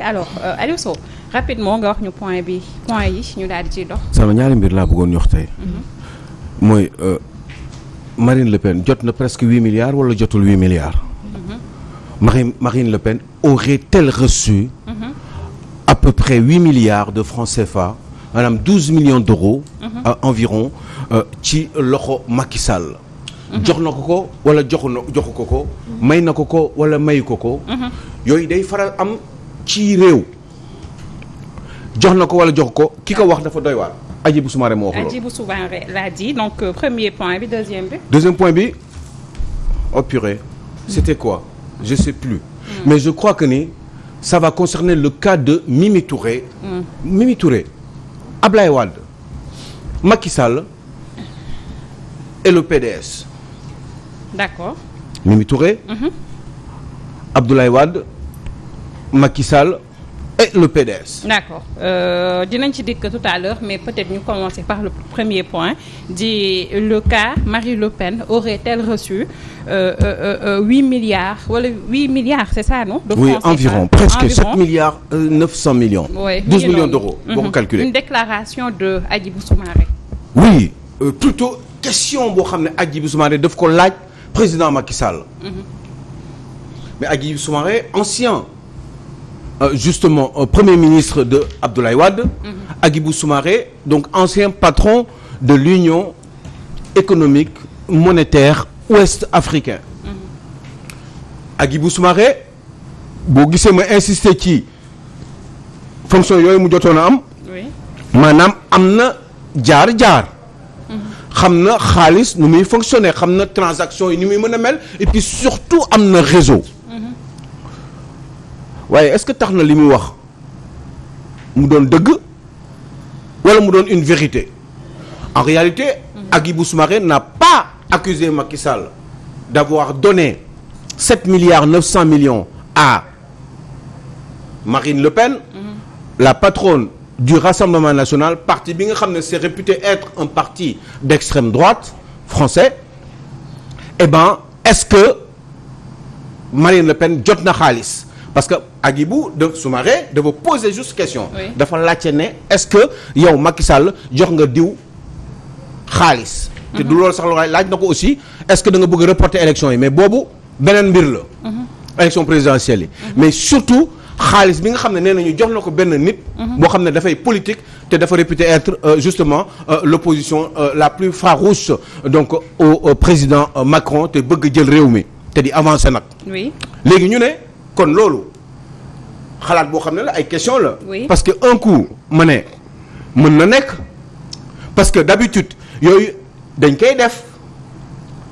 alors euh, Aliou Sow rapidement nga wax ñu point bi point yi ñu daal di ciy dox. sama ñaari mbir laa bëggoon yox tey. Mhm. mooy euh, Marine Le Pen jot na presque huit milliards wala jotul huit milliards. Mhm. Marine Le Pen aurait-elle reçu. Mm huit milliards de francs CFA maanaam douze millions d'euros. Mm environ euh, ci loxo Macky Sall. Mhm. jox na ko ko wala joxu na joxu ko ko. may na ko ko wala mayu ko ko. yooyu day faral am. ci réew jox na ko wala jox ko ki ko wax dafa doy waar. Hadjibou Soumaré moo wax loolu l'a dit donc euh, premier point bi deuxième bi. deuxième point bi oh hmm. c'était quoi je sais plus. Hmm. mais je crois que ni ça va concerner le cas de Mimi Touré. Mm. Mimi Touré Ablaye et le PDS. d'accord. Macky Sall et le PDS. d'accord euh, dinañ ci dikk tout à l'heure mais peut-être ñu commencer par le premier point di le cas Marie Le Pen aurait-elle reçu euh, euh, huit milliards wala huit milliards c'est ça non. de oui environ presque sept milliards neuf millions. douze millions d'euros. boo mhm. calculer une déclaration de Hadjibou oui plutôt question boo xam ne Hadjibou Soumaré daf ko laaj président Macky Sall. Mhm. mais Hadjibou Soumaré ancien. Euh, justement euh, premier ministre de Abdoulaye Wade. Hadjibou mhm. Soumaré donc ancien patron de l'Union économique monétaire ouest-africaine. Hadjibou mhm. sumare boo gisee ma insister ci fonction yooyu mu jotoon am. maanaam am na jaar-jaar. Mhm. xam na xaalis nu muy fonctionner xam na transaction yi ni muy mën a mel et puis surtout am na réseau. waaye est-ce que tax na li mu wax mu doon dëgg wala mu doon une vérité en réalité Hadjibou mhm. Soumaré n'a pas accusé Macky Sall d'avoir donné 7 milliards 900 millions à Marine Le Pen mhm. la patronne du Rassemblement national parti bi nga xam ne c'est réputé être un parti d'extrême droite français eh ben est-ce que Marine Le Pen jot na xaalis parce que ak yi bu de Soumaré dafa poser juste question. dafa laajte ne est-ce que yow Macky Sall jox nga diw xaalis. te du mhm. loolu sax la laaj na ko aussi est-ce que da nga bëgg reporter élection yi mais boobu beneen mbir la. Mhm. élection présidentielle yi. Mhm. mais surtout xaalis bi nga xam ne nee nañu jox na ko benn nit. boo xam ne dafay politique te dafa réputé être euh, justement euh, l'opposition euh, la plus farouche donc au président Macron te bëgg jël réew mi te di avancer nag. kon loolu xalaat boo xam ne la ay question la. parce que un coup ma ne mën na nekk parce que d'habitude yooyu dañ koy def.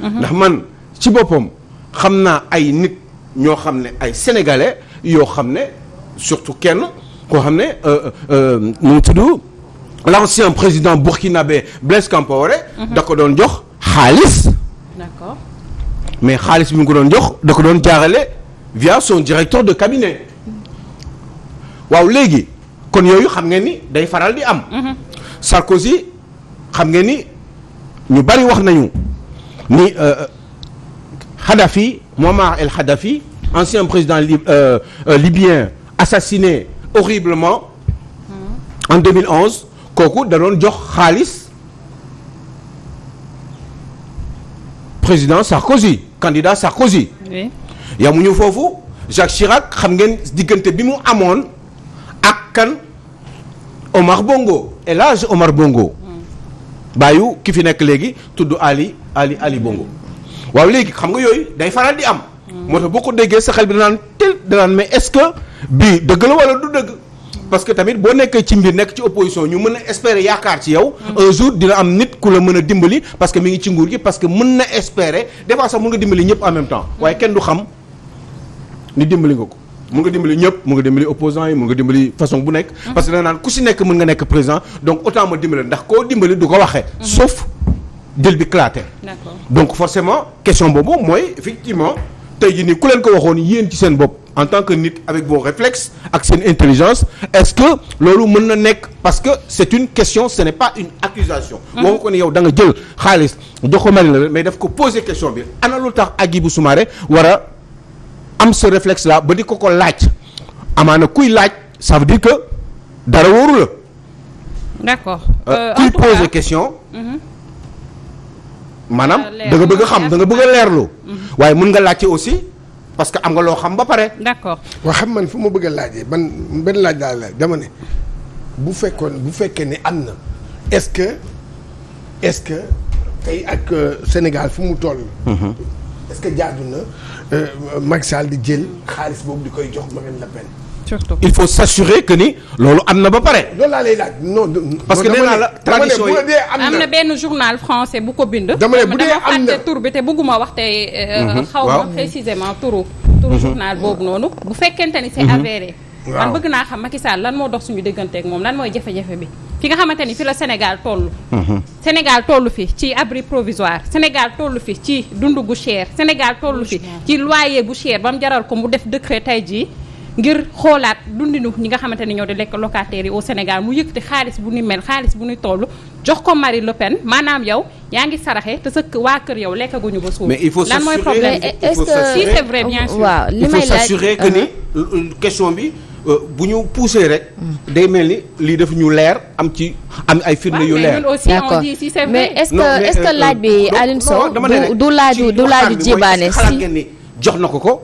Mhm. ndax man ci boppam xam naa ay nit ñoo xam ne ay sénégalais yoo xam ne surtout kenn koo xam ne euh, euh, euh, mu tudd l'ancien président burkinabé Blaise Compaoré. Mhm. da ko doon jox xaalis. mais xaalis bi mu ko doon jox da ko doon jaarale via son directeur de cabinet waaw léegi kon yooyu xam ngeen ni day faral di am. Mhm. Sarkozy xam ngeen ni ñu bari wax nañu ni euh, euh, Kadhafi Muammar el Kadhafi ancien président lib euh, euh, libyen assassiné horriblement. Mhm. en 2011 kooku da doon jox xaalis président Sarkozy candidat Sarkozy. Oui. yamuñu foofu Jacques Chirac xam ngeen diggante bi mu amoon ak kan Omar Bongo El Omar Bongo hmm. bàyyu ki fi nekk léegi tudd Ali Ali Ali Bongo waaw léegi xam nga yooyu day faral di am. Hmm. moo tax boo ko déggee sa xel bi danaan te danaan mais est-ce que bii dëgg la wala du dëgg. parce que tamit boo nekkee ci mbir nekk ci opposition ñu mën a espérer yaakaar ci yow. Hmm. un jour dina am nit ku la mën a dimbali parce que mi ngi ci nguur gi parce que mën na espérer des fois dimbali ñëpp en même temps waaye kenn du xam. ni dimbali nga ko mu nga dimbali ñëpp mu nga dimbali opposants yi mu nga dimbali façon bu nekk mm-hmm. parce que da nga naan ku si nekk mën nga nekk président donc autant ma dimbali ndax koo dimbali du ko waxee mm-hmm. sauf forcément question boobu mooy effectivement tey jii nii ku leen ko waxoon yéen ci seen bopp en tant que nit avec vos réflexes ak seen intelligence est-ce que loolu mën na nekk parce que c'est une question ce n'est pas une accusation mm-hmm. waxu ko ne yow da nga jël xaalis jox ko mari la mais daf ko poser question bi ana lu am ce réflexe là ba di ko ko laaj amaana kuy laaj ça veut dire que dara wóoru la. d'accord euh, euh, kuy poser question. Mhm. maanaam da nga bëgg xam da bëgg a leerlu. Mhm. waaye mën nga laajte aussi parce que am nga loo xam ba pare. d'accord waa xam man fu ma bëgg laaj laajee ban benn laaj laa laaj dama ne bu fekkoon bu fekkee ne am na est-ce que est-ce que tey ak euh, Sénégal fu mu toll. Mhm. est-ce na Euh, Macky Sall di jël xaalis boobu di koy jox Marine Le Pen. surtout il faut s'assurer que ni loolu am na ba pare. loolu laa lay laaj non. parce que nee la tradition yi am na benn journal français bu ko bind. dama ne bu dee am na dama tur bi te bëgguma wax tey. Euh, mhm. xaw ma précisément turu. turu mhm. journal boobu noonu. bu fekkente ni c'est mhm. avéré. man bëgg naa xam Macky Sall lan moo dox suñu dégganteeg moom lan mooy jafe-jafe bi. fi nga xamante ni fi la Sénégal toll mhm. Sénégal toll fi ci abri provisoire Sénégal toll fi ci dund gu cher Sénégal toll fi ci loyer bu cher ba mu jaral ko mu def décret tey jii ngir xoolaat dundinu ñi nga xamante ni ñoo di lekk locataires yi au Sénégal mu yëkkati xaalis bu ni mel xaalis bu nu toll jox ko Marine Le Pen maanaam yow yaa ngi saraxe te sa waa kër yow lekkaguñu ba suuf. mais il faut s'assurer lan mooy problème est-ce que si c'est vrai euh, ni euh, question bi. Euh, bu ñu poussé rek. day mel ni lii daf ñu leer am ci am ay firnde yu leer. d'accord mais est-ce euh, laaj bi euh, Alioune du du laaju du laaju jébaane si jox na ko ko.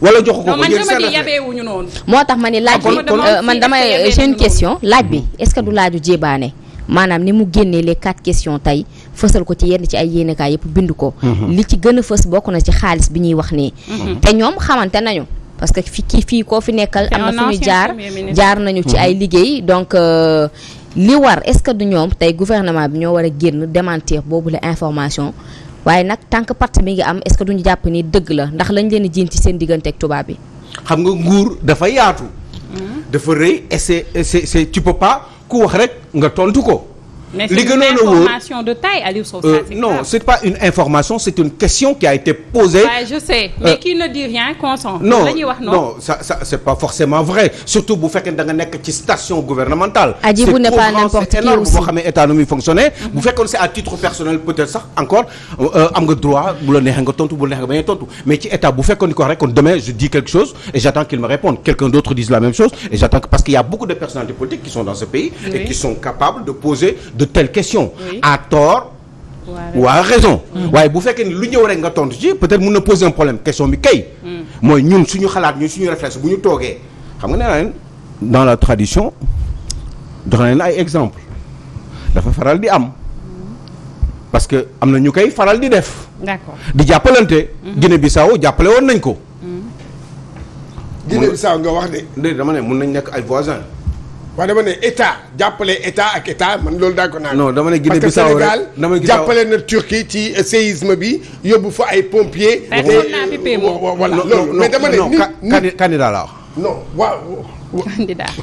wala jox ko ko yéen moo tax ma ni laaj ah, bi man damay j'ai question laaj bi est-ce que du laaju jébaane maanaam ni mu génnee les quatre questions tey fësal ko ci yenn ci ay yéenekaay yëpp bind ko. Mm-hmm. li ci gën fës bokk na ci xaalis bi ñuy wax nii. Mm-hmm. te ñoom xamante nañu. parce que fi fii koo fi nekkal am na fu ñu jaar jaar nañu ci mhm. ay liggéey donc euh, li war est-ce que du ñoom tey gouvernement bi ñoo war a génn démentir boobu la information waaye nag tant que parti bi ngi am est-ce que duñu jàpp ni dëgg la ndax lañ leen jiin ci seen diggante ak tubaab bi xam nga nguur dafa yaatu mhm. dafa rëy et c'est c'est tu ku wax rek nga tontu ko li euh, c'est pas une information c'est une question qui a été posée. mais euh, qui ne dit rien consent. non la ñuy wax noonu non ça ça c'est pas forcément vrai surtout bu fekkee da nga nekk ci station gouvernementale. aji bu ne pas n'importe qui aussi boo xamee état nu muy fonctionner. peut-être sax encore euh, am nga droit bu la neexee nga tontu bu mais ci état bu fekkoon ni ko wax rek kon demain je dis quelque chose et j'attends qu'il me réponde quelqu'un d'autre dise de telles question Oui. à tort ou à raison. Mm. waaye bu fekkee ni lu ñëw rek nga tontu ci peut-être mun na poser un problème question bi kay. Mm. mooy ñun suñu xalaat ñun suñu réflexe bu ñu toogee xam nga nee naa leen dans la tradition jox leen ay exemple dafa faral di am. parce que am na ñu koy faral di def. d'accord di jàppalante. Mm-hmm. Guinée Bissau jàppale woon nañ ko. Mm. Guinée Bissau nga wax de. dama ne mun nañ nekk ay voisins. waaw dama ne état jàppale état ak état man loolu daa ko naan. non dama ne Guinée Bissau rek parce que jàppale na Turquie ci euh, séisme bi yóbbu fa ay pompiers. te voilà loolu mais dama ne. nii candidat la wax. non waaw.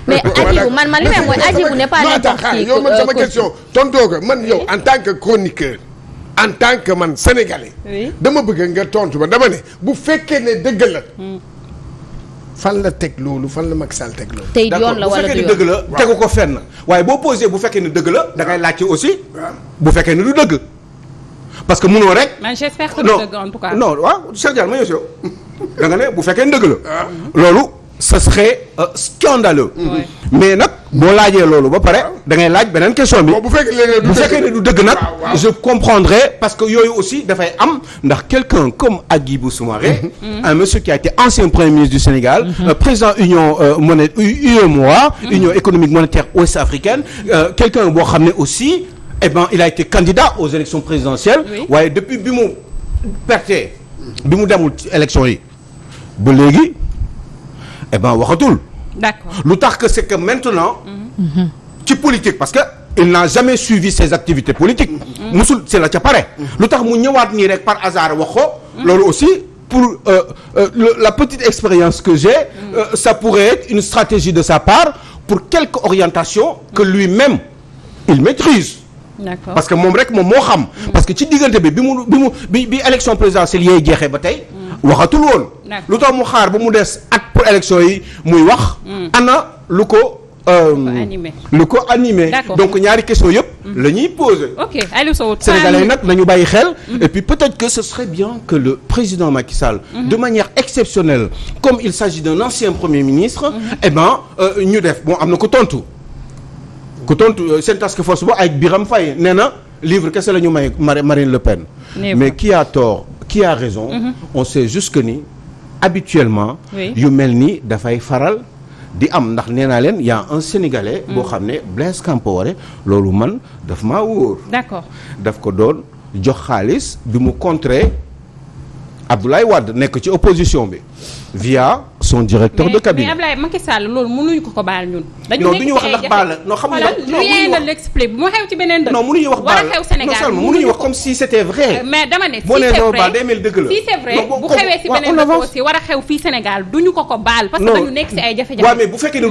mais Hadjibou man man li may mooy Hadjibou n'est pas n'importe qui ah, yow man euh, sama question tontoo ko man yow en tant que chroniqueur. en tant que man sénégalais. dama bëgg nga tontu ba dama ne bu fekkee ne dëgg la. Hmm. fan la teg loolu fan la mag Sall teg loolu. tey yoon la wala du yoon dëgg la tegu ko fenn waaye boo posé bu fekkee ni dëgg la dangay ngay laajte aussi. bu fekkee ni du dëgg. parce que munoo rek. man j'espère que du en tout cas. non non waaw Cheikh ma ñëw si yow nga ne bu fekkee ni dëgg la. Ah. loolu. ce serait euh, scandaleux mais nag boo laajee loolu ba pare da ngay laaj beneen question bi bu fekkee ne du dëgg nag je comprendrais parce que yooyu aussi dafay am ndax quelqu'un comme Hadjibou Soumaré mm-hmm. Mm-hmm. un monsieur qui a été ancien premier ministre du Sénégal mm-hmm. euh, président union euh, monnaie UEMOA union économique monétaire ouest-africaine euh, quelqu'un boo xam ne aussi eh ben il a été candidat aux élections présidentielles waaye depuis bi mu perte bi mu demul ci élection yi ba léegi eh waxatul. d'accord lu tax que c'est que maintenant. ci politique parce que. il n'a jamais suivi ses activités politiques. musul c'est la ca pare. lu tax mu ñëwaat nii rek par hasard wax ko. loolu aussi pour euh, euh la petite expérience que j'ai euh, pourrait être une stratégie de sa part pour quelque orientation que lui-même il maîtrise. D'accord. parce que moom rek moom moo xam. parce que ci diggante bi bi mu bi mu bi bi élection présidentielle yeey jeexee ba tey. waxatul woon. lu tax mu xaar ba mu des. élection yi muy wax. Mm. ana lu ko. Euh, lu ko animé donc ñaari question yëpp mm. la ñuy posé sénégalais nag nañu bàyyi xel mm. et puis peut-être que ce serait bien que le président Macky Sall mm-hmm. de manière exceptionnelle comme il s'agit d'un ancien premier ministre mm-hmm. eh ben euh, ñu def am na ko tontu ko tontu euh, seen task force ba ay Biram Faye nee na livre kese la ñu may Marine Le Pen mais qui a tort qui a raison mm-hmm. on sait jusque ni habituellement yu mel ni dafay faral di am ndax nee naa leen y un sénégalais mm. boo xam ne Blaise Compaoré loolu man daf maa wóor daf ko doon jox xaalis bi mu contrer Abdoulaye Wade nekk ci opposition bi via son directeur mais, de cabinet. mais Ablaye Macky Sall loolu mënuñu ko ko baal ñun. dañu nekk ci ay jafe non xamuñu wax non xamuñu wax l'explique bu ma xew ci beneen dëkk. non mënuñu wax baal war a xew Sénégal wax comme si c'était vrai. Euh, mais dama ne si c'est vrai vrai bu xewee si beneen dëkk aussi war a xew fii Sénégal duñu ko ko baal. parce que dañu nekk ci ay jafe-jafe. bu fekkee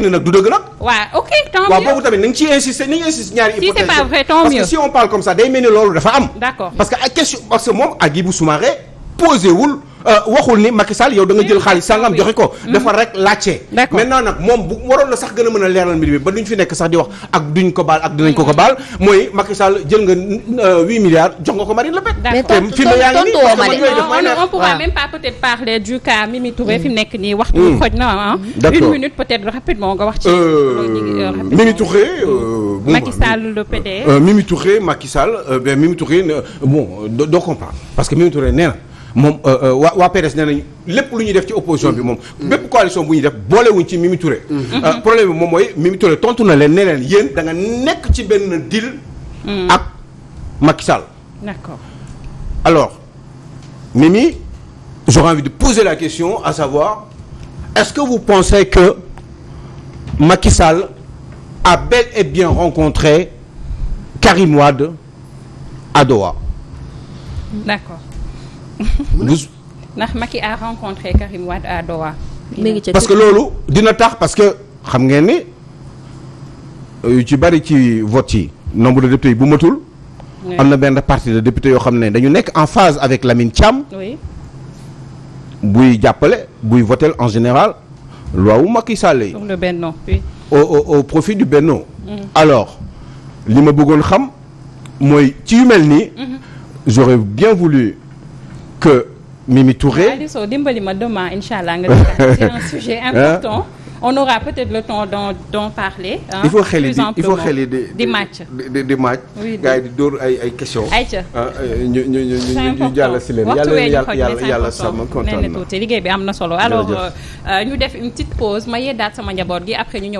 ne nag du dëgg nag. waaw ok tant mieux waaw boobu ci insister ni loolu Euh, waxul ni Macky Sall yow da nga jël xaalis sangam joxe ko. Mm-hmm. dafa rek laajte. maintenant nag moom bu waroon la sax gën a mën a leeral mbir mi ba duñ fi nekk sax di wax ak duñ ko baal ak dinañ ko ko baal mm-hmm. mooy Macky Sall jël nga 8 euh, milliards jox nga ko Marine la Pen. mais tontu tontu woo ma de on pourra même du cas Mimi Touré mm. fi mu nekk nii waxtu bi mm. xoj na une minute peut être rapidement nga wax ci. Mimi Touré. Macky Sall le PDS. Mimi Touré Macky Sall ben Mimi Touré bon euh, parce que Mimi Touré nee na. moom euh, euh, waa waa PDS nee nañu lépp lu ñuy def ci opposition bi moom. bépp coalition bu ñuy def boolewuñ ci Mimi Touré. Mm-hmm. Mm-hmm. Euh, problème moom mooy Mimi Touré tontu na len ne leen yéen da nekk ci benn deal. Mm-hmm. ak Macky Sall. d'accord alors Mimi j'aurais envie de poser la question à savoir est-ce que vous pensez que Macky Sall a bel et bien rencontré Karim Wade à Doha. d'accord. ndax Macky a rencontré Karim Wade à parce que loolu dina tax parce que xam ngeen ni euh, yu ci bari ci vote yi nombre de députés yi bu matul. am na benn partie de députés yoo xam ne dañu nekk en phase avec Lamine Thiam. buy jàppale buy votel en général loi wu Macky Sall yi. pour le Benno oui. au profit du Benno. Mm. alors li ma bëggoon xam mooy ci yu mel nii. Mm-hmm. j'aurais bien voulu. que Mimi Touré. dimbali ma demain incha allah nga c'est un sujet important. on aura peut-être il faut xel yi il faut xel yi di di match. di di match gars yi di dóor ay ay questions. ayca ah, euh, ñu ñu ñu ñu jàll si leen. waxtu wee ñu yàlla yàlla sama kontaan na. liggéey bi am na solo alors euh, euh, ñu def une petite pause ma yeddaat sama njaboot gi après ñu ñëwaat.